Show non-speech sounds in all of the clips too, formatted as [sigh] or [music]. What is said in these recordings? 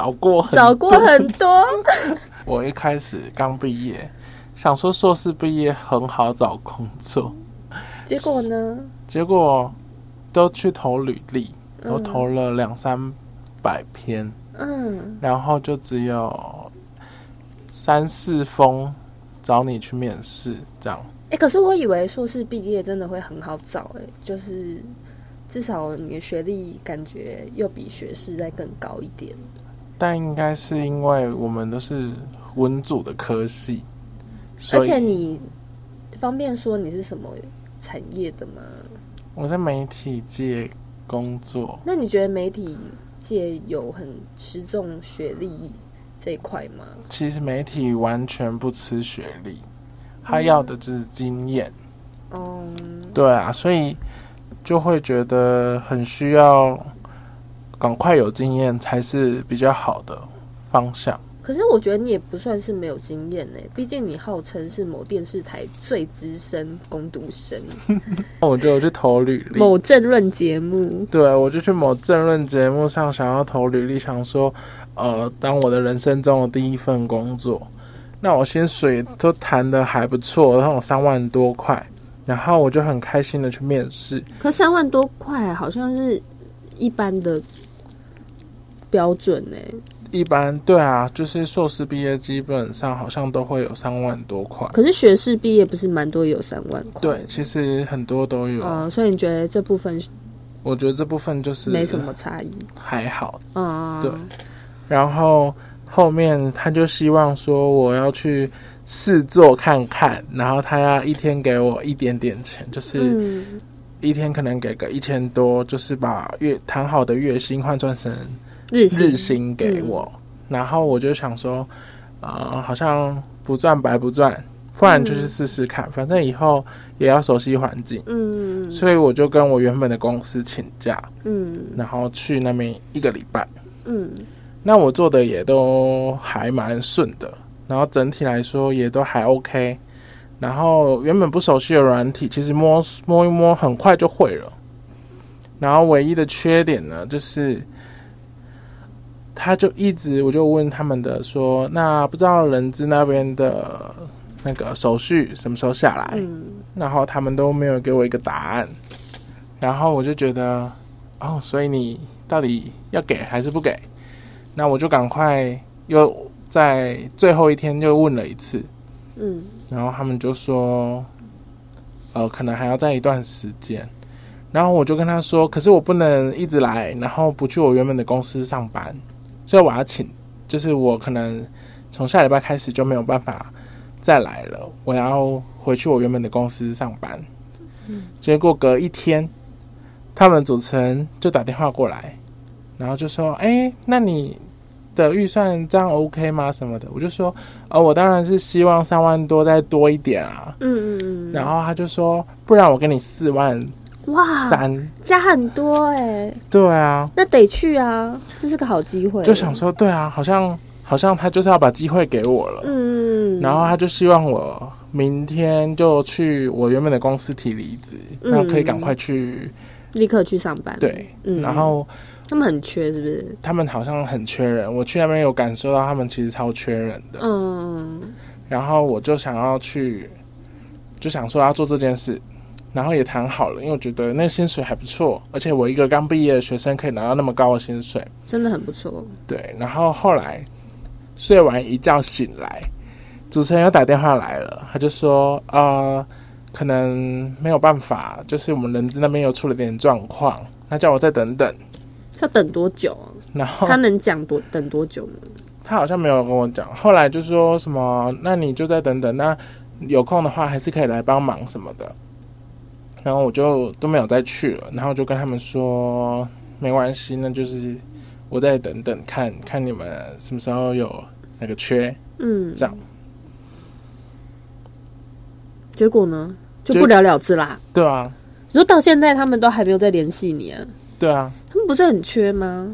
找過找過很多， [laughs] 我一開始剛畢業， [laughs] 想說碩士畢業很好找工作，結果呢？結果都去投履歷，嗯、都投了兩三百篇，嗯，然後就只有三四封找你去面試，這樣。哎、欸，可是我以為碩士畢業真的會很好找、欸，哎，就是至少你的學歷感覺又比學士再更高一點。但應該是因為我們都是文組的科系，而且你方便說你是什麼產業的嗎？我在媒體界工作。那你覺得媒體界有很吃重學歷這一塊嗎？其實媒體完全不吃學歷，他要的就是經驗。嗯，對啊，所以就會覺得很需要。趕快有經驗才是比較好的方向。可是我覺得你也不算是沒有經驗呢、欸，畢竟你號稱是某電視台最資深工讀生。那 [laughs] [laughs] 我就去投履歷，某政論節目。對，我就去某政論節目上想要投履歷，想說，呃，當我的人生中的第一份工作。那我薪水都談得還不錯，然後我三萬多塊，然後我就很開心的去面試。可三萬多塊好像是一般的標準呢、欸？一般對啊，就是碩士畢業基本上好像都會有三萬多塊。可是學士畢業不是蠻多有三萬塊？對，其實很多都有。哦、所以你覺得這部分？我覺得這部分就是沒什麼差異，還好啊。嗯、對，然後後面他就希望說我要去試做看看，然後他要一天給我一點點錢，就是一天可能給個一千多，就是把月談好的月薪換算成。日日薪給我，嗯、然後我就想說，啊、呃，好像不賺白不賺，不然就是試試看，嗯、反正以後也要熟悉環境，嗯，所以我就跟我原本的公司請假，嗯，然後去那邊一個禮拜，嗯，那我做的也都還蠻順的，然後整體來說也都還 OK，然後原本不熟悉的軟體，其實摸摸一摸很快就會了，然後唯一的缺點呢，就是。他就一直我就問他們的說，那不知道人資那邊的那個手續什麼時候下來？嗯、然後他們都沒有給我一個答案。然後我就覺得哦，所以你到底要給還是不給？那我就趕快又在最後一天又問了一次。嗯，然後他們就說，呃，可能還要再一段時間。然後我就跟他說，可是我不能一直來，然後不去我原本的公司上班。所以我要請，就是我可能從下禮拜開始就沒有辦法再來了。我要回去我原本的公司上班。嗯，結果隔一天，他們主持人就打電話過來，然後就說：“欸，那你的預算這樣 OK 嗎？什麼的？”我就說：“哦，我當然是希望三萬多再多一點啊。”嗯嗯嗯。然後他就說：“不然我給你四萬。”哇！Wow, 三加很多哎、欸。對啊。那得去啊，這是個好機會、啊。就想說，對啊，好像好像他就是要把機會給我了。嗯。然後他就希望我明天就去我原本的公司提離職，然後、嗯、可以趕快去立刻去上班。對，嗯、然後他們很缺，是不是？他們好像很缺人。我去那邊有感受到，他們其實超缺人的。嗯。然後我就想要去，就想說要做這件事。然後也談好了，因為我覺得那個薪水還不錯，而且我一個剛畢業的學生可以拿到那麼高的薪水，真的很不錯。對，然後後來睡完一覺醒來，主持人又打電話來了，他就說，呃，可能沒有辦法，就是我們人事那邊又出了點狀況，他叫我再等等。要等多久啊？然後他能講多等多久嗎？他好像沒有跟我講。後來就說什麼，那你就再等等，那有空的話還是可以來幫忙什麼的。然後我就都沒有再去了，然後就跟他們說沒關係呢，那就是我再等等看看你們什麼時候有那個缺，嗯，這樣。結果呢，就不了了之啦。對啊，你說到現在他們都還沒有再聯繫你啊？對啊，他們不是很缺嗎？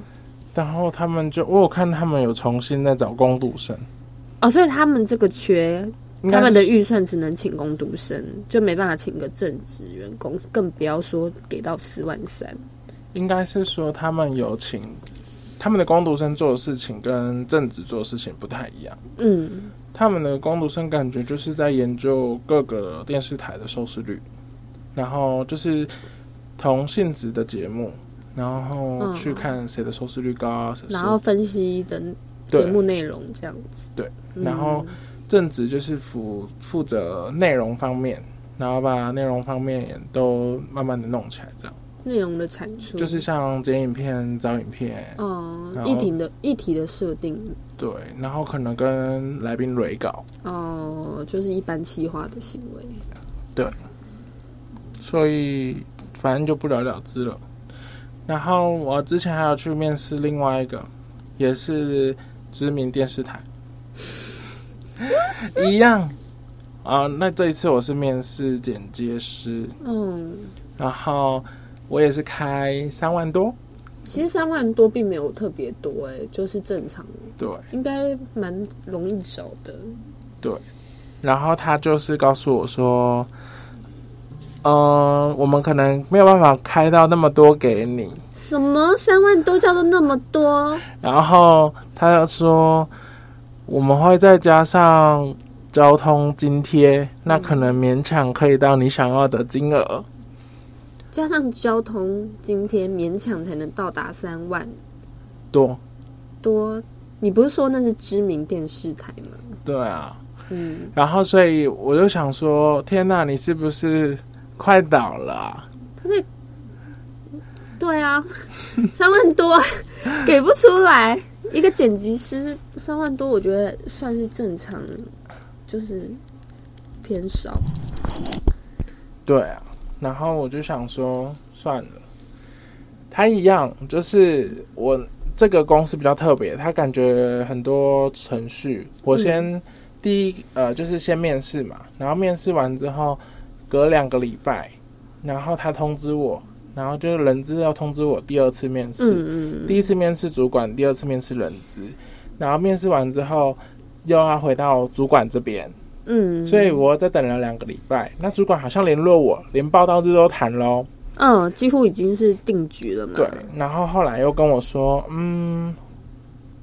然後他們就我有看他們有重新在找工讀生。啊、哦。所以他們這個缺。他們的預算只能請工讀生，就沒辦法請個正職員工，更不要說給到四萬三。應該是說他們有請他們的工讀生做的事情跟正職做的事情不太一樣。嗯，他們的工讀生感覺就是在研究各個電視台的收視率，然後就是同性質的節目，然後去看誰的收視率高、啊，嗯、是然後分析的節對目內容這樣子。對，嗯、然後。正職就是負負責內容方面，然後把內容方面也都慢慢的弄起來，這樣。內容的產出就是像剪影片、找影片哦，然後議題的議題的設定，對，然後可能跟來賓蕊稿，哦，就是一般企劃的行為對，所以反正就不了了之了。然後我之前還有去面試另外一個，也是知名電視台。 [laughs] 一樣啊，嗯，那這一次我是面試剪接師，嗯，然後我也是開三萬多，其實三萬多並沒有特別多，欸，誒，就是正常，對，應該蠻容易找的，對。然後他就是告訴我說，嗯，我們可能沒有辦法開到那麼多給你。什麼三萬多叫做那麼多？然後他要說。我們會再加上交通津貼，那可能勉強可以到你想要的金額，嗯。加上交通津貼，勉強才能到達三萬多。多，你不是說那是知名電視台嗎？對啊。嗯。然後，所以我就想說，天哪、啊，你是不是快倒了？對啊， [laughs] 三萬多，給不出來。一個剪輯師三萬多，我覺得算是正常，就是偏少。對啊，然後我就想說算了，他一樣，就是我這個公司比較特別，他感覺很多程序，我先第一、嗯、呃，就是先面試嘛，然後面試完之後隔兩個禮拜，然後他通知我。然後就是人資要通知我第二次面試，嗯嗯、第一次面試主管，第二次面試人資，然後面試完之後又要回到主管這邊。嗯，所以我在等了兩個禮拜。那主管好像聯絡我，連報到日都談嘍。嗯、哦，幾乎已經是定局了嘛。對。然後後來又跟我說，嗯，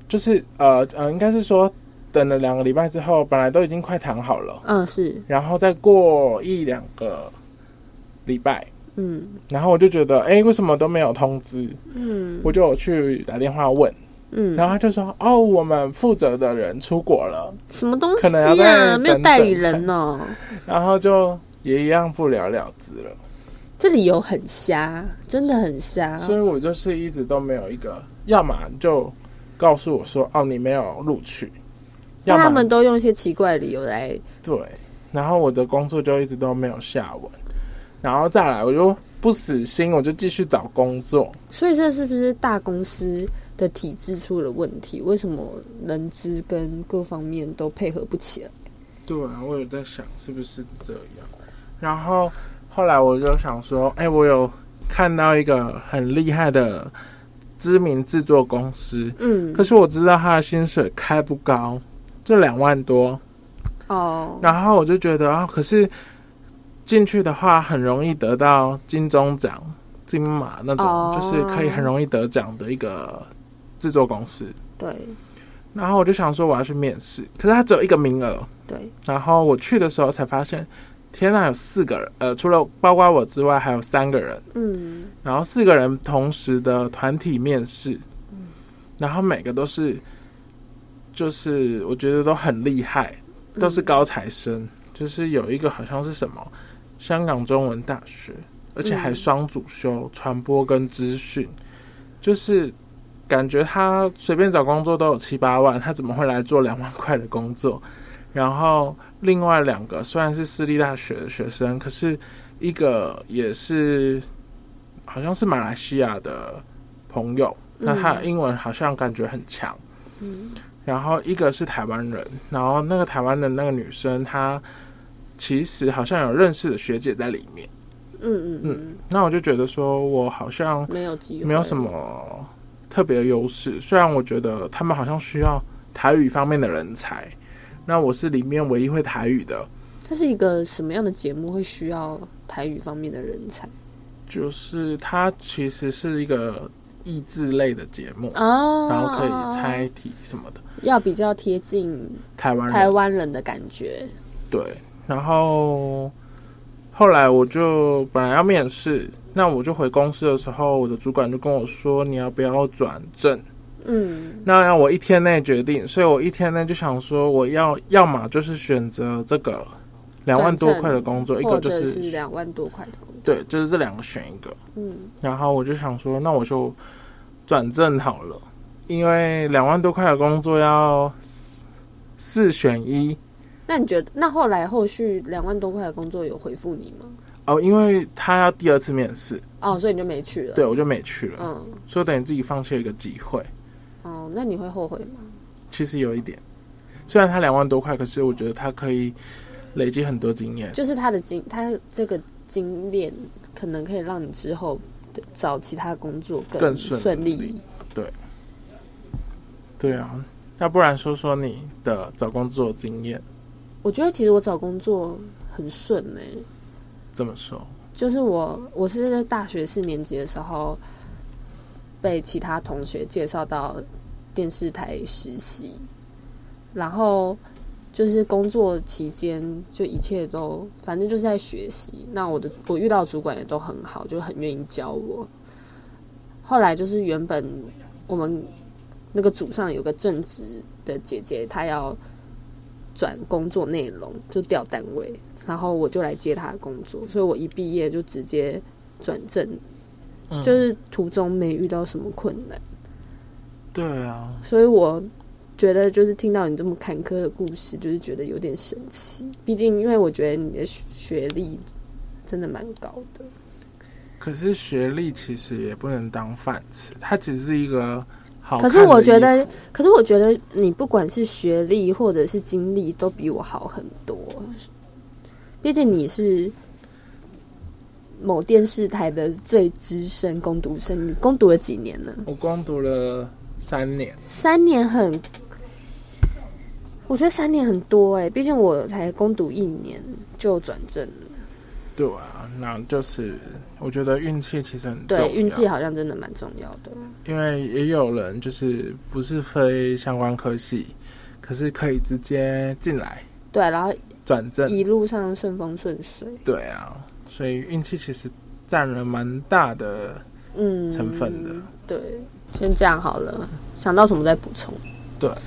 就是呃呃，應該是說等了兩個禮拜之後，本來都已經快談好了。嗯、哦，是。然後再過一兩個禮拜。嗯，然後我就覺得，哎，為什麼都沒有通知？嗯，我就去打電話問，嗯，然後他就說，哦，我們負責的人出國了，什麼東西？啊，等等沒有代理人哦。然後就也一樣不了了之了，這理由很瞎，真的很瞎。所以，我就是一直都沒有一個，要麼就告訴我說，哦，你沒有錄取，要麼他們都用一些奇怪理由來。對，然後我的工作就一直都沒有下文。然後再來，我就不死心，我就繼續找工作。所以這是不是大公司的體制出了問題？為什麼人資跟各方面都配合不起來？對啊，我有在想是不是這樣。然後後來我就想說，哎、欸，我有看到一個很厲害的知名制作公司，嗯，可是我知道他的薪水開不高，就兩萬多。哦。然後我就覺得啊，可是。進去的話很容易得到金鐘獎、金馬那種，就是可以很容易得獎的一個製作公司。對。然後我就想說我要去面試，可是它只有一個名額。對。然後我去的時候才發現，天吶、啊，有四個人，呃，除了包括我之外，還有三個人。嗯。然後四個人同時的團體面試。嗯，然後每個都是，就是我覺得都很厲害，都是高材生，就是有一個好像是什麼。香港中文大學，而且還雙主修、嗯、傳播跟資訊，就是感覺他隨便找工作都有七八萬，他怎麼會來做兩萬塊的工作？然後另外兩個雖然是私立大學的學生，可是一個也是好像是馬來西亞的朋友，嗯、那他的英文好像感覺很強，嗯，然後一個是台灣人，然後那個台灣的那個女生她。其實好像有認識的學姐在裡面，嗯嗯嗯，嗯，那我就覺得說，我好像沒有沒有什麼特別的優勢。嗯嗯嗯，雖然我覺得他們好像需要台語方面的人才，那我是裡面唯一會台語的。這是一個什麼樣的節目會需要台語方面的人才？就是它其實是一個益智類的節目，啊、然後可以猜題什麼的，啊啊、要比較貼近台灣台灣人的感覺，對。然後後來我就本來要面試，那我就回公司的時候，我的主管就跟我說：“你要不要轉正？”嗯，那要我一天內決定，所以我一天內就想說，我要要麼就是選擇這個兩萬多塊的工作，轉正，一個就是，是兩萬多塊的工作，對，就是這兩個選一個。嗯，然後我就想說，那我就轉正好了，因為兩萬多塊的工作要四，四選一。那你覺得，那後來後續兩萬多塊的工作有回復你嗎？哦，因為他要第二次面試哦，所以你就沒去了。對，我就沒去了。嗯，所以等於自己放棄了一個機會。哦，那你會後悔嗎？其實有一點，雖然他兩萬多塊，可是我覺得他可以累積很多經驗。就是他的經，他這個經驗可能可以讓你之後找其他工作更順利，利。對，對啊，要不然說說你的找工作經驗。我覺得其實我找工作很順，哎、欸，怎麼說？就是我，我是在大學四年級的時候被其他同學介紹到電視台實習，然後就是工作期間就一切都反正就是在學習。那我的我遇到的主管也都很好，就很願意教我。後來就是原本我們那個組上有個正職的姐姐，她要。轉工作內容就調單位，然後我就來接他的工作，所以我一畢業就直接轉正，嗯、就是途中沒遇到什麼困難。對啊，所以我覺得就是聽到你這麼坎坷的故事，就是覺得有點神奇。畢竟，因為我覺得你的學歷真的蠻高的，可是學歷其實也不能當飯吃，它只是一個。可是我覺得，可是我覺得你不管是學歷或者是經歷，都比我好很多。畢竟你是某電視台的最資深工讀生，你工讀了幾年呢？我工讀了三年，三年很，我覺得三年很多哎、欸。畢竟我才工讀一年就轉正了。對啊，那就是我覺得運氣其實很重要。對，運氣好像真的蠻重要的。因為也有人就是不是非相關科系，可是可以直接進來。對啊，然後轉正，一路上順風順水。對啊，所以運氣其實佔了蠻大的嗯成分的。嗯，對，先這樣好了，想到什麼再補充。對。